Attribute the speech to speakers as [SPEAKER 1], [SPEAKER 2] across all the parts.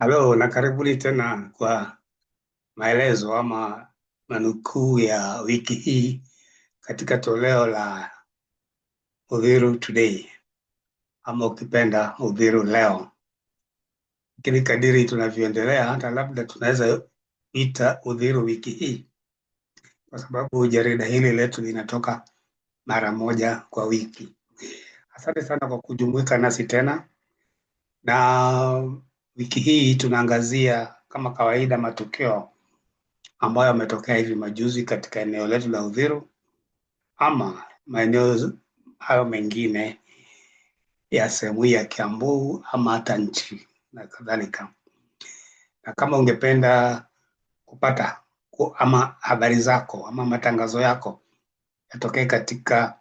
[SPEAKER 1] Halo na karibuni tena kwa maelezo ama manukuu ya wiki hii katika toleo la Uthiru Today ama ukipenda Uthiru leo. Lakini kadiri tunavyoendelea, hata labda tunaweza ita Uthiru wiki hii, kwa sababu jarida hili letu linatoka mara moja kwa wiki. Asante sana kwa kujumuika nasi tena na Wiki hii tunaangazia kama kawaida matukio ambayo yametokea hivi majuzi katika eneo letu la Uthiru ama maeneo hayo mengine ya sehemu hii ya Kiambu ama hata nchi na kadhalika. Na kama ungependa kupata ama habari zako ama matangazo yako yatokee katika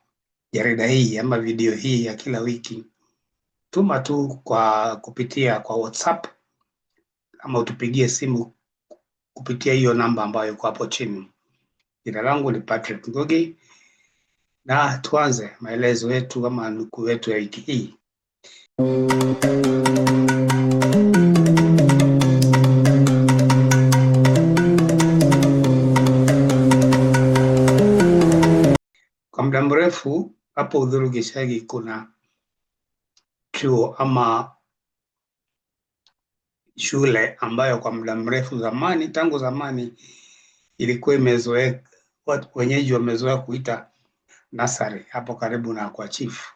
[SPEAKER 1] jarida hii ama video hii ya kila wiki, tuma tu kwa kupitia kwa WhatsApp ama utupigie simu kupitia hiyo namba ambayo iko hapo chini. Jina langu ni Patrick Ngugi, na tuanze maelezo yetu ama nukuu yetu ya wiki hii. Kwa muda mrefu hapo udhurugishaji kuna chuo ama shule ambayo kwa muda mrefu zamani, tangu zamani ilikuwa imezoea, wenyeji wamezoea kuita nasari hapo karibu na kwa chifu,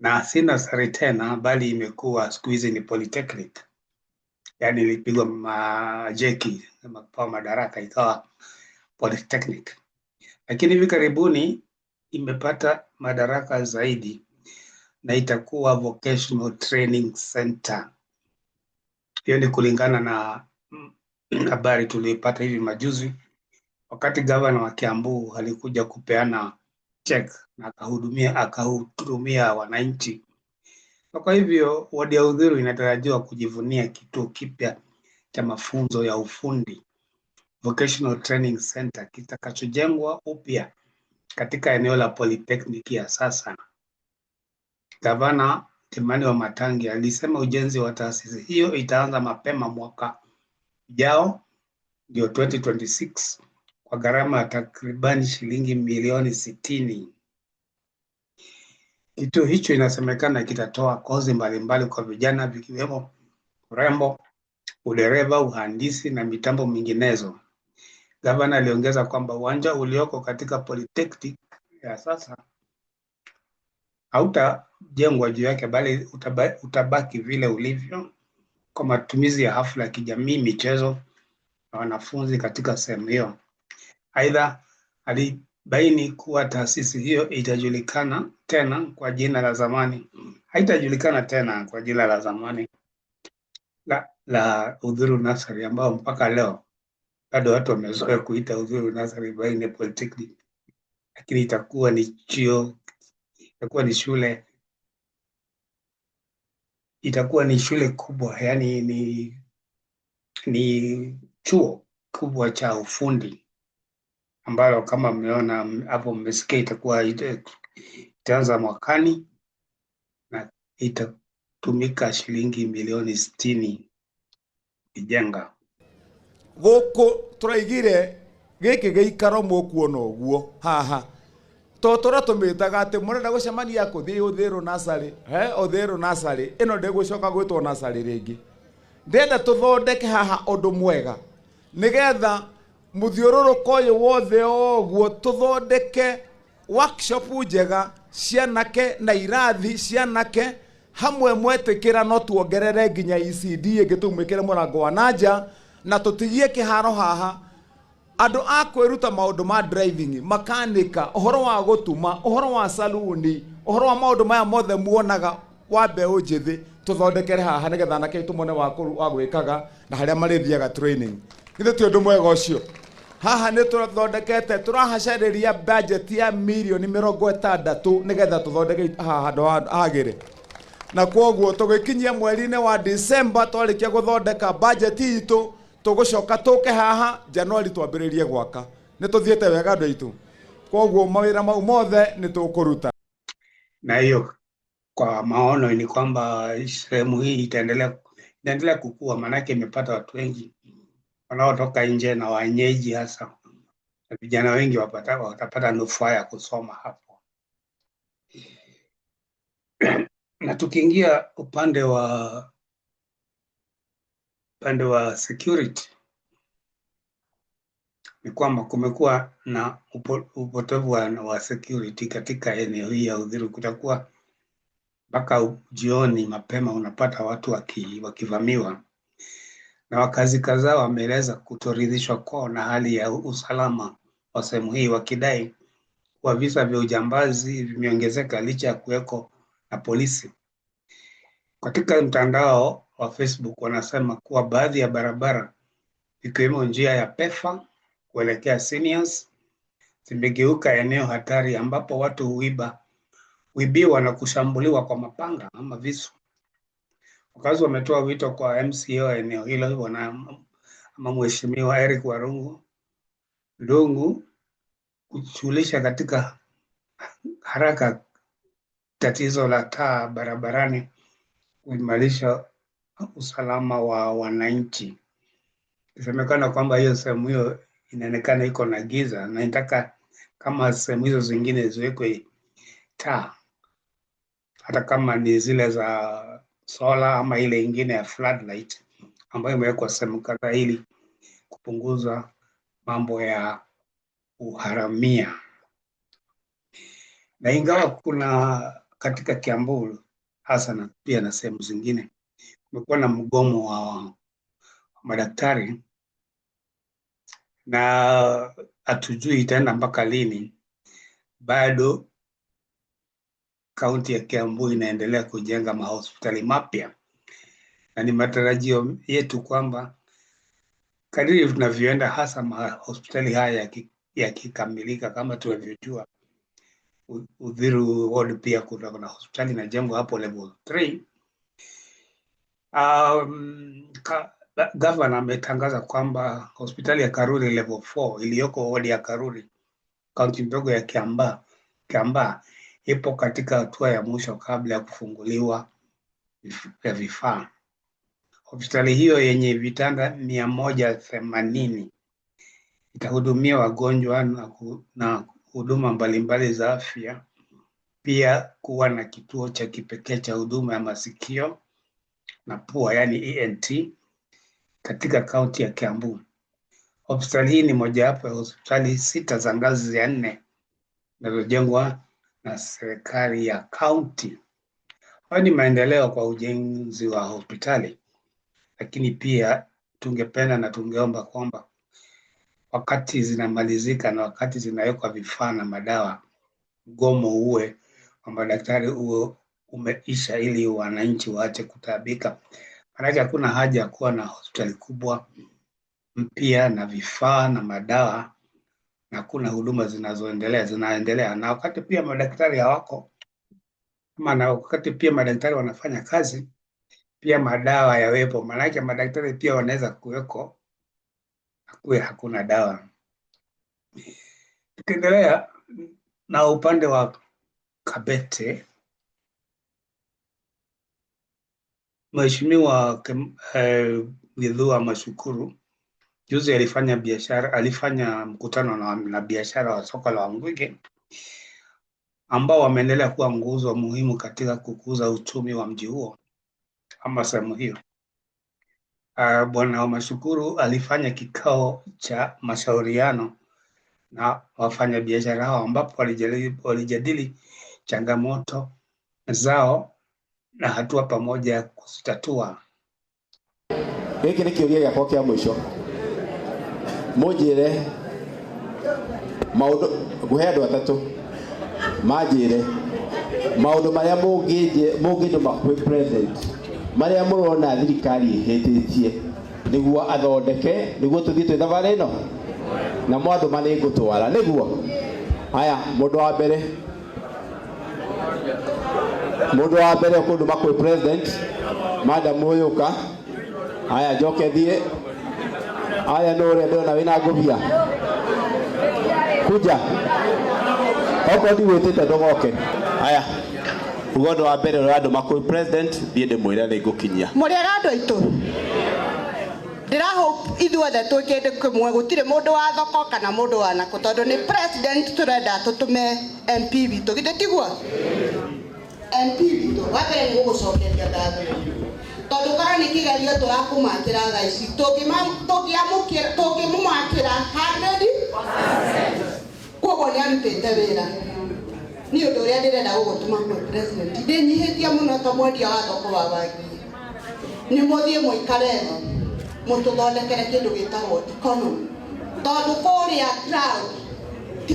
[SPEAKER 1] na si nasari tena, bali imekuwa siku hizi ni polytechnic, Yani ilipigwa majeki pawa madaraka ikawa polytechnic, lakini hivi karibuni imepata madaraka zaidi na itakuwa vocational training center. Hiyo ni kulingana na habari tulioipata hivi majuzi, wakati gavana wa Kiambu alikuja kupeana check na akahudumia akahudumia wananchi. Kwa hivyo wadi ya udhuru inatarajiwa kujivunia kituo kipya cha mafunzo ya ufundi Vocational Training Center kitakachojengwa upya katika eneo la Polytechnic ya sasa Gavana wa Matangi alisema ujenzi wa taasisi hiyo itaanza mapema mwaka ujao, ndio 2026 kwa gharama ya takribani shilingi milioni sitini. Kituo hicho inasemekana kitatoa kozi mbalimbali kwa vijana vikiwemo urembo, udereva, uhandisi na mitambo minginezo. Gavana aliongeza kwamba uwanja ulioko katika polytechnic ya sasa hauta jengwa juu yake, bali utabaki, utabaki vile ulivyo kwa matumizi ya hafla ya kijamii, michezo na wanafunzi katika sehemu hiyo. Aidha, alibaini kuwa taasisi hiyo itajulikana tena kwa jina la zamani, haitajulikana tena kwa jina la zamani la, la Udhuru Nasari ambao mpaka leo bado watu wamezoea kuita Udhuru Nasari baine Polytechnic, lakini itakuwa ni chuo, itakuwa ni shule itakuwa ni shule kubwa, yani ni, ni chuo kubwa cha ufundi ambalo kama mmeona hapo mmesikia, itakuwa itaanza mwakani na itatumika shilingi milioni sitini ijenga
[SPEAKER 2] guku turaigire giki giikaro mukuona uguo haha totora tumitaga ati murenda gucemania kuthii uthiru nasari eh uthiru nasari ino ndigucoka gwitwo nasari ringi ndenda tuthondeke haha undu mwega nigetha muthiururuko uyu wothe oguo tuthondeke workshop njega cianake na irathi cianake hamwe mwetikira no tuongerere nginya ECD ingi tumwikire murango wa nanja na tutigie kiharo haha andå a kwä ruta maå ndå ma driving makanika å horo wa gå tuma å horo wa saluni å horo wa maå ndå maya mothe muonaga wa mbeå njĩthĩ tå thondekere haha nä getha nake tå mone wa gwä kaga na harä a marä thiaga githä ti å ndå mwega å cio haha nä tå thondekete tå rahacarä ria budget ya mirioni mä rongo ätandatå nä getha tå thondeke haha handå hagä re na kwoguo tå gä kinyia mweri-inä wa december twarä kia gå thondeka bajeti itå tugucoka tuke haha januari twambiririe gwaka ni tuthiite wega andu aitu koguo mawira mau mothe ni tukuruta
[SPEAKER 1] na hiyo kwa maono ni kwamba sehemu hii itaendelea itaendelea kukua, maanake imepata watu wengi wanaotoka nje na wanyeji hasa vijana wengi wapata, watapata nufaa ya kusoma hapo na tukiingia upande wa Upande wa security ni kwamba kumekuwa na upotevu wa security katika eneo hii ya Uthiru. Kutakuwa mpaka jioni mapema, unapata watu waki, wakivamiwa na wakazi kadhaa wameeleza kutoridhishwa kwao na hali ya usalama wa sehemu hii, wakidai kuwa visa vya ujambazi vimeongezeka licha ya kuweko na polisi. Katika mtandao wa Facebook wanasema kuwa baadhi ya barabara ikiwemo njia ya Pefa kuelekea Seniors zimegeuka eneo hatari ambapo watu huiba huibiwa na kushambuliwa kwa mapanga ama visu. Wakazi wametoa wito kwa MCA wa eneo hilo bwana ama Mheshimiwa Eric Warungu Ndungu kushughulisha katika haraka tatizo la taa barabarani kuimarisha usalama wa wananchi. Isemekana kwamba hiyo sehemu hiyo inaonekana iko na giza, na nataka kama sehemu hizo zingine ziwekwe taa, hata kama ni zile za sola ama ile ingine ya floodlight ambayo imewekwa sehemu kadhaa, ili kupunguza mambo ya uharamia. Na ingawa kuna katika Kiambu hasa na pia na sehemu zingine kumekuwa na mgomo wa madaktari na hatujui itaenda mpaka lini. Bado kaunti ya Kiambu inaendelea kujenga mahospitali mapya, na ni matarajio yetu kwamba kadiri tunavyoenda, hasa mahospitali haya yakikamilika, kama tunavyojua Uthiru ward pia kuna hospitali inajengwa hapo level Um, ka, gavana ametangaza kwamba hospitali ya Karuri level 4 iliyoko wodi ya Karuri kaunti ndogo ya Kiambaa Kiambaa ipo katika hatua ya mwisho kabla ya kufunguliwa ya vifaa. Hospitali hiyo yenye vitanda mia moja themanini itahudumia wagonjwa na, na huduma mbalimbali za afya, pia kuwa na kituo cha kipekee cha huduma ya masikio na pua, yani ENT, katika kaunti ya Kiambu. Hospitali hii ni mojawapo ya hospitali sita za ngazi ya nne zinazojengwa na serikali ya kaunti. Hayo ni maendeleo kwa ujenzi wa hospitali, lakini pia tungependa na tungeomba kwamba wakati zinamalizika na wakati zinawekwa vifaa na madawa, mgomo uwe wa madaktari uwe umeisha ili wananchi waache kutaabika. Maanake hakuna haja ya kuwa na hospitali kubwa mpya na vifaa na madawa na kuna huduma zinazoendelea zinaendelea, na wakati pia madaktari hawako ama, na wakati pia madaktari wanafanya kazi, pia madawa yawepo, maanake madaktari pia wanaweza kuweko akuwe hakuna dawa. Tukiendelea na upande wa Kabete Mheshimiwa Githuo eh, Mashukuru juzi alifanya biashara alifanya mkutano na, na biashara wa soko la Wangwige ambao wameendelea kuwa nguzo muhimu katika kukuza uchumi wa mji huo ama sehemu hiyo. Uh, Bwana Mashukuru alifanya kikao cha mashauriano na wafanyabiashara hao ambapo walijadili changamoto zao na hatua pamoja ya kuzitatua. Giki ni kiuria giakwa kia mwisho munjire maundu nguhe andu atatu manjire maundu maria munginduma kwi president maria murona thirikari ihititie niguo athondeke niguo tuthie twi thabari ino na mwathuma ni ngutwara niguo Haya, mundu wa mbere mundu wa mbere kundu makwe president madam uyuka aya joke thie aya no uria ndona wina ngubia kuja oko ndi gwitite ndugoke aya ugo ndu wa mbere uria andu makwi president thie ndimwira ni ngukinyia
[SPEAKER 3] muriega andu aitu ndirahope ithuothe twä kä ndä kä mwe gå tirä må ndå wa thoko kana må ndå wa nakå tondå nä president tå renda tå tå me mp witå githä tiguo MP witå wa mbere nä gå gå cokeria ngatho tondå korwo nä kä gerio tå rakå makä ra tha ici tå ngä må makä ra koguo nä arutä te wä ra nä å ndå å rä a ndä renda gå gå tå ma ndä nyihä tie må no to mwendia wa thoko wa bangi nä må thiä må ikare tho må tå thondekere kä ndå gä tagwo economy tondå kå rä a ti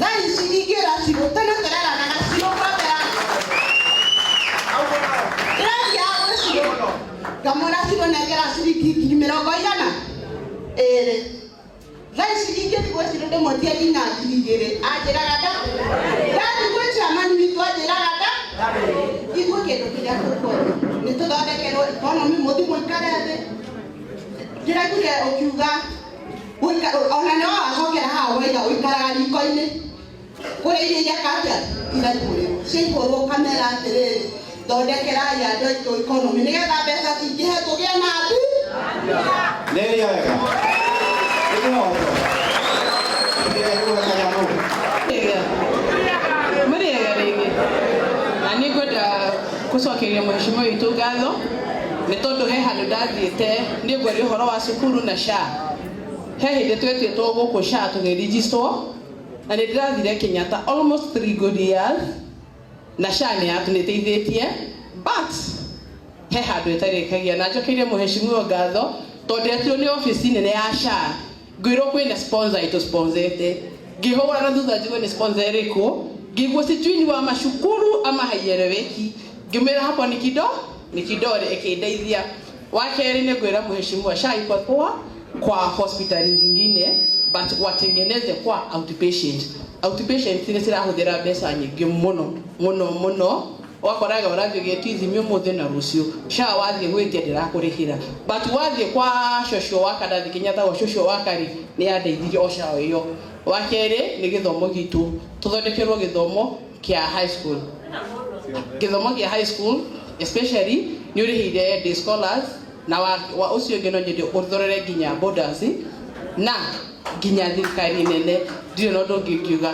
[SPEAKER 3] tha ici ingä ra cigå tene tereranaga cigå gamonasiro negerasiriki ngiri mirongo igana iri thaa ici ingĩtigwĩcirĩ ndĩmũtie nginya ngiri igĩrĩ anjĩraga nda ndathikũ icamani witũ anjĩraga nda iguĩ kĩndũ kĩrĩa tũkwenda nĩ tũthondekerwo ikonomi mũthi mũikare thĩ ndĩraiguire ũkiuga ona nĩ wawacokera haha waiga ũikaraga riko-inĩ kũrĩ iria iria katia iraikũrĩrwo ciaikũrwo kamera atĩrĩrĩ thondekerai andå aitå ikonomi nä getha mbeca cingähe tå gä e na andi
[SPEAKER 1] må rä
[SPEAKER 3] ega rä na nä ngwenda kå cokeria mheshimiwa witå ngatho nä tondå he handå ndathiä te nä ngwari å horo wa cukuru na ca he hä ndä twä two gå kå sha tå gä na nä ndä rathire kenyatta almost three good na shani yatuniteithitie but he handu itarikagia na njokeire muheshimiwa ngatho tondu etiro ni office nene ya sha ngwirwo kwina sponsor itu sponsorete ngihura na thutha njigwe ni sponsor iriku ngiguo situini wa mashukuru ama haiereweki ngimwira hapo ni kido ni kidore ikindeithia wa keri ni ngwira muheshimiwa sha iko kwa hospitali zingine but watengeneze kwa outpatient outpatient thä cirahũthĩra mbeca nyingĩ mũno mũno mũno wakoraga ũrathiĩ ũgĩtithimi ũmũthĩ na rũciũ SHA wathiĩ gwĩtia ndĩrakũrĩhĩra but wathiĩ kwa cũcũ wa kana ndĩkĩnyatagwo cũcũ wa karĩ nĩ yandeithirie o SHA ĩyo wa kerĩ nĩ gĩthomo gitũ tũthondekerwo gĩthomo kĩa high school gĩthomo high school especially nĩ ũrĩhĩire day scholars na wa, wa ũcio no nyende ũthorere nginya borders na nginya thirikari nene ndirä na å ngiuga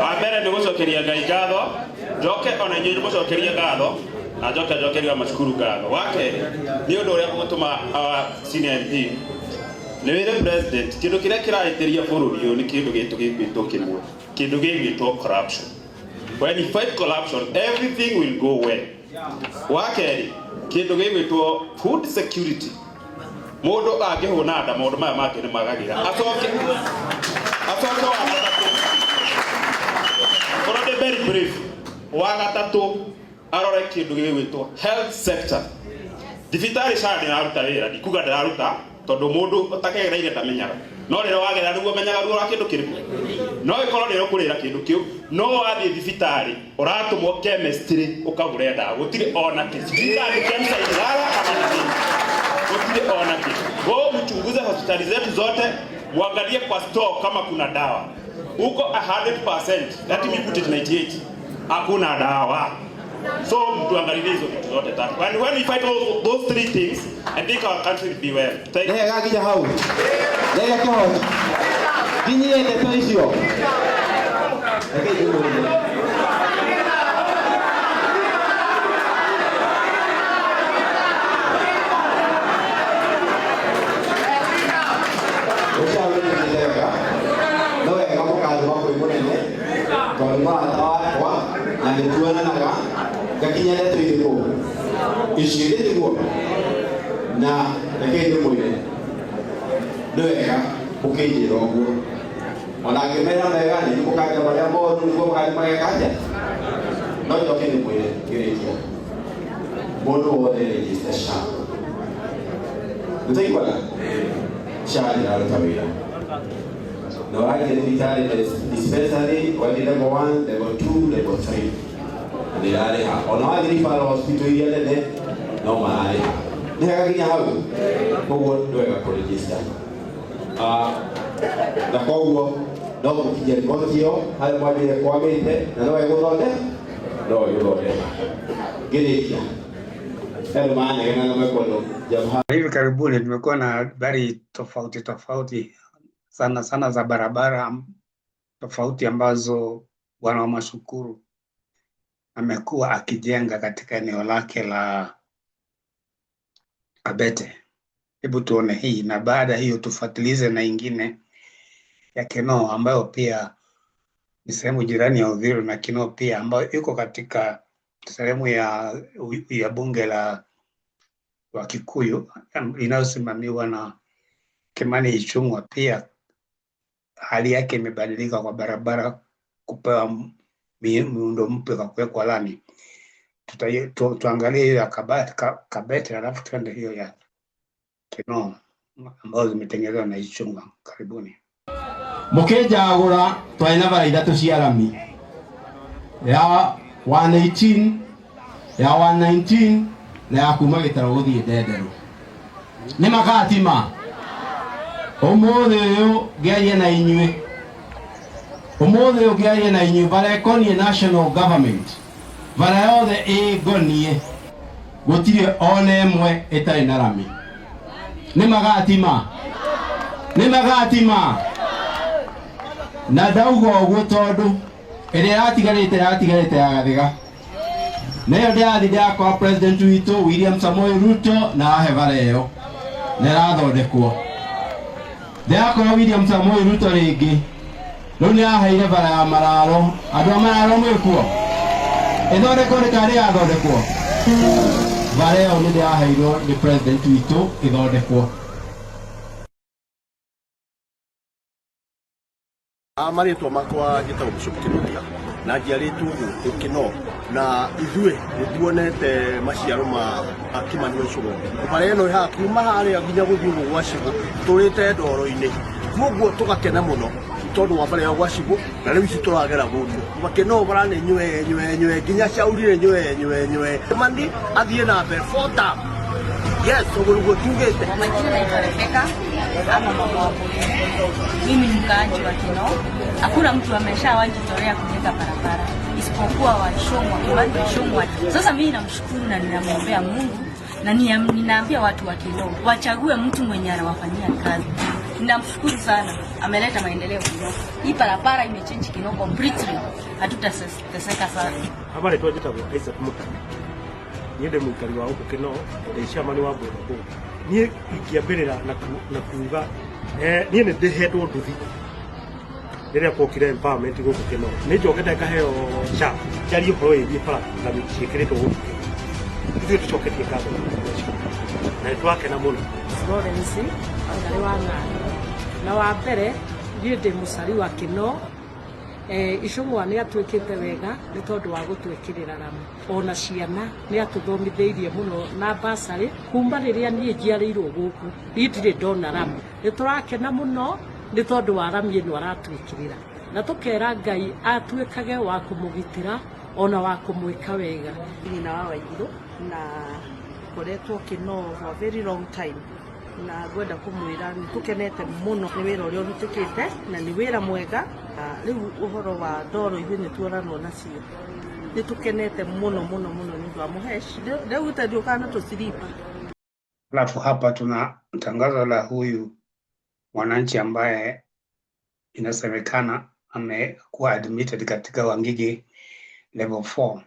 [SPEAKER 4] wa nä gå cokeria ngai ngatho njoke ona inyuä gå cokeria ngatho na njoke njokeria macukuru ngatho wa nä å ndå å rä a gå tå ma nä wä rä kä ndå kä rä a kä rarä ria bå rå ri å nä kä ndå gä tå gä gwä two kä mwe kä ndå gä gwä two when kindu gigwitwo food security mundu angihuna nda maundu maya mangĩ nĩ magagira acoke acoke wa gatatũ korwo nĩ very brief wa gatatũ arore kindu gigwitwo health sector thibitarĩ ca ndĩraruta wĩra ndikuga ndĩraruta tondũ mundu ũtakegereire ndamenyaga no rä rä wagera rä u amenyaga ruo ra kä ndå kä rä no gä korwo rä rä å kå kä ndå kä u no wathiä thibitarĩ å ratå mwo å kagå ndawa gå tirä ona kä thibitarä kemsairara kana tirä ona kä gå mchunguze hospitali zetu zote mwangalie kwa store kama kuna dawa uko 100% that means 98 hakuna dawa So mtuangalilie hizo vitu zote tatu. And when we fight all those three things, I think our country will be well. Thank
[SPEAKER 1] you. Nega kija hau. Nega kija hau. Dini ya teto isio. Ndio kama kazi you. ipo nene. Kwa maana atawa you. na nituana na kama gakinya ndeto iriku iciirĩ tiguo na reke ndĩmwĩre nĩ wega ũkĩnjĩra ũguo ona ngĩmera mega nĩ mũkanja marĩa moru nĩguo mũkanja magekanja no njoke ndĩmwĩre ngĩrĩkia mũndũ wothe rĩjĩte SHA nĩtaiguaga SHA ndĩraruta wĩra na ni thibitarĩ dispensary wathi level 1 level 2 level 3 nä rarä ha ona iria nene no mararä ha nä hega nginya hau koguo nä wega kå ah, na koguo no riboti ä yo harä mwanjä kwagä te na no thonde no ngä rä kia Hivi karibuni tumekuwa na habari tofauti tofauti sana sana za barabara tofauti ambazo wanawamashukuru amekuwa akijenga katika eneo lake la abete Hebu tuone hii, na baada hiyo tufuatilize na ingine ya Kinoo ambayo pia ni sehemu jirani ya Uthiru na Kinoo pia ambayo iko katika sehemu ya, ya bunge la wa Kikuyu inayosimamiwa na Kimani Ichung'wa. Pia hali yake imebadilika kwa barabara kupewa miundo mpya za kuwekwa lami. Tuangalie hiyo ya Kabete alafu tuende hiyo ya Kino ambazo zimetengenezwa na Ichunga. Karibuni mukinjagura twaina bara ithatu cia rami ya 118 ya 119 na ya kuma gitaro guthii ndenderu ni makatima umuthi uyu ngerie na inyui umuthi ugiarie na inyu bara ekonie national government bara yothe ĩngonie gũtirĩ ona ĩmwe ĩtarĩ na rami nĩ magatima magati magatima na ndauga ũguo tondũ ĩrĩa yatigarĩte yatigarĩte ya gathiga na ĩyo ndĩrathi ndĩrakora president witũ William Samoei Ruto na ahe bara ĩyo na ĩrathondekwo ndĩrakora William Samoei Ruto rĩngĩ rĩu nĩ aheire bara ya mararo andũ a mararo mwĩkuo ĩthondekwo rĩkarĩ yathondekwo bara ĩyo nĩ ndĩraheirwo nĩ president witũ ĩthondekwo
[SPEAKER 5] marĩtwa makwa njĩtagwo bishop kĩnuthia na njiarĩtwo gũkũ kĩno na ithuĩ nĩtuonete maciaro ma kimani ũcũgũ bara ĩno ĩhaha kuma harĩa nginya gũthiĩ ũguo gwa cigũ tũrĩte ndoro-inĩ koguo tũgakena mũno tondu wa mbare yagwa cibo na riu ici turagera mundu makino barane nywe nywe nywe nginya caurire nywe nywe nywe mandi athie na mbere fota yes ogurugo tugete
[SPEAKER 6] majina naitwa Rebeka ama mama wa mimi ni mkaaji wa Kinoo. Hakuna mtu ameshawajitolea kujenga barabara isipokuwa Washomwa, Kibanda Shomwa. Sasa mimi namshukuru na ninamwombea Mungu na ninaambia watu wa Kinoo wachague mtu mwenye anawafanyia kazi. Ninamshukuru sana, ameleta maendeleo kidogo. Hii barabara imechange kidogo completely, hatutateseka sana.
[SPEAKER 5] Habari tu ajita kwa Isaac Muta. ni ndemu kali wa huko kino ndeisha chama wa Boda Boda. ni ikiambirira na na kuuga eh, niye ndio hetwo nduthi. Rĩrĩa kwokire empowerment gũkũ Kinoo, nĩ njogete ngaheo cha, njarie ũhoro wĩgiĩ bara na ciĩkĩrĩtwo gũkũ ithuĩ tũcoketie ngatho na nĩ twakena mũno
[SPEAKER 7] Florence Wangari wa Ng'ang'i na wa mbere ndiĩ ndĩ mũcari wa nä eh, icũgwa nĩ atwĩkĩte wega nĩ tondũ wa gũtwĩkĩrĩra ramu ona ciana nä atå thomithä irie må no na basarĩ kuma rä rä a niä niĩ irwo gå niĩ ndirĩ ndona ramu rakena må no nä tondå wa nä kä rä ra na tå kera Ngai atuä kage wa kå må gitä ra ona wa kå mwä ka wega
[SPEAKER 8] nyina wa Waigirũ na koretwo kino for very long time na ngwenda kumwira nä tå kenete må wira nä wä ra å rä a å rutä kä te na nä wä ra mwega rä u å horo wa ndoro ithuä nä tuoranwo nacio nä tå kenete må no må no må no nä å ndå wa må heci rä u tandä kana tå ciripa
[SPEAKER 1] alafu hapa tuna tangazo la huyu mwananchi ambaye inasemekana amekuwa admitted katika Wangige level 4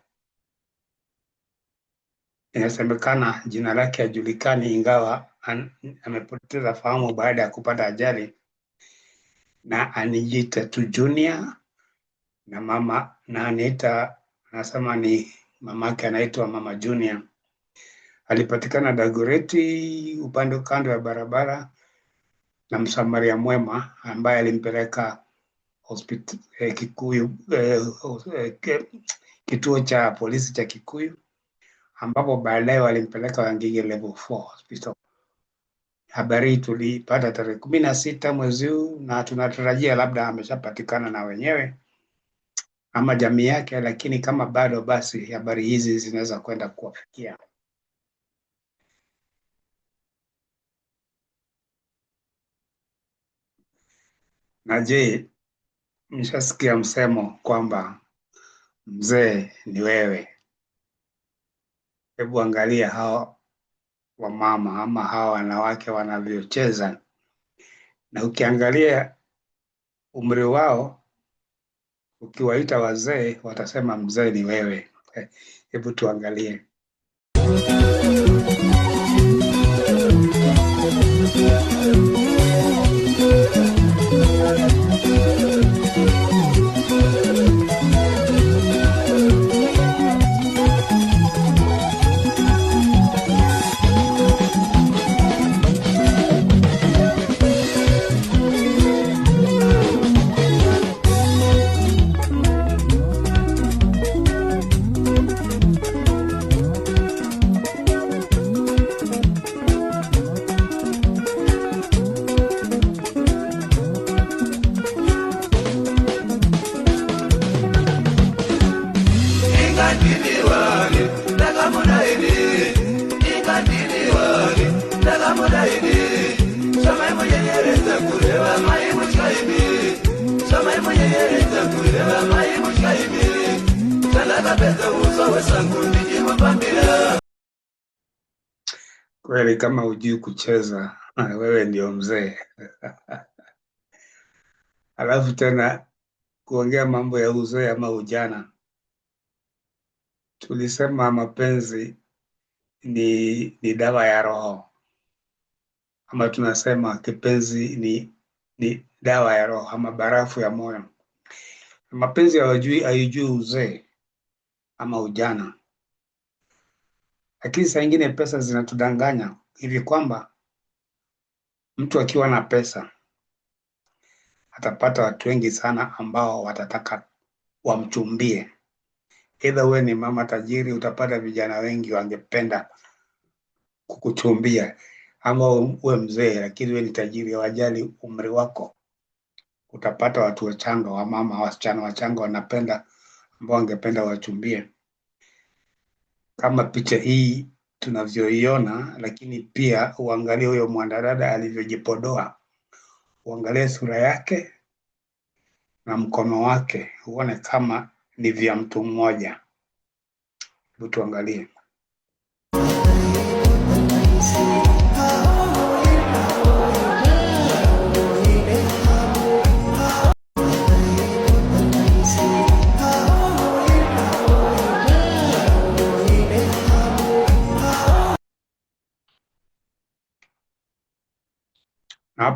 [SPEAKER 1] Inasemekana jina lake hajulikani, ingawa amepoteza fahamu baada ya kupata ajali, na anijita tu Junior na mama na anaita anasema ni mamake anaitwa Mama Junior. Alipatikana dagoreti upande kando ya barabara na msamaria mwema ambaye alimpeleka hospitali eh, Kikuyu eh, eh, kituo cha polisi cha Kikuyu ambapo baadaye walimpeleka Wangige level 4 hospital. Habari hii tuliipata tarehe kumi na sita mwezi huu, na tunatarajia labda ameshapatikana na wenyewe ama jamii yake, lakini kama bado, basi habari hizi zinaweza kwenda kuwafikia. Na je, nishasikia msemo kwamba mzee ni wewe hebu angalia hawa wamama ama hawa wanawake wanavyocheza, na ukiangalia umri wao, ukiwaita wazee watasema mzee ni wewe. Hebu tuangalie. Kweli kama ujui kucheza wewe ndio mzee. Alafu tena kuongea mambo ya uzee ama ujana, tulisema mapenzi ni, ni dawa ya roho ama tunasema kipenzi ni, ni dawa ya roho ama barafu ya moyo. Mapenzi hayajui haijui uzee ama ujana, lakini saa ingine pesa zinatudanganya hivi kwamba mtu akiwa na pesa atapata watu wengi sana ambao watataka wamchumbie. Either wewe ni mama tajiri, utapata vijana wengi wangependa kukuchumbia ama uwe mzee lakini uwe ni tajiri, hawajali umri wako. Utapata watu wachanga, wamama, wasichana wachanga wanapenda, ambao wangependa wachumbie, kama picha hii tunavyoiona. Lakini pia uangalie huyo mwanadada alivyojipodoa, uangalie sura yake na mkono wake, uone kama ni vya mtu mmoja. Hebu tuangalie.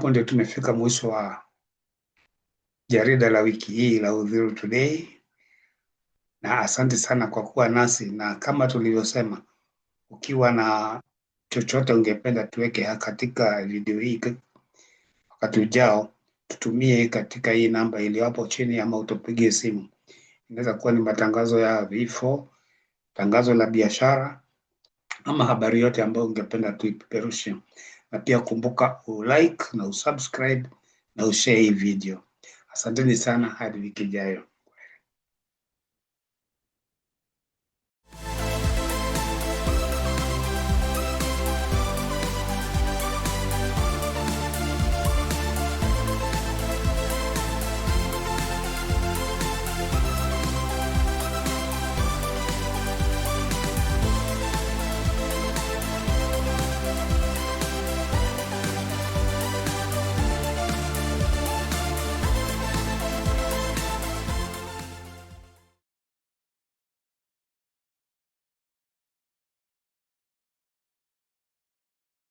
[SPEAKER 1] hapo ndio tumefika mwisho wa jarida la wiki hii la Udhuru Today, na asante sana kwa kuwa nasi, na kama tulivyosema, ukiwa na chochote ungependa tuweke katika video hii wakati ujao, tutumie katika hii namba iliyopo chini, ama utupigie simu. Inaweza kuwa ni matangazo ya vifo, tangazo la biashara ama habari yote ambayo ungependa tuipeperushe, na pia kumbuka ulike na usubscribe na ushare hii video. Asanteni sana, hadi wiki ijayo.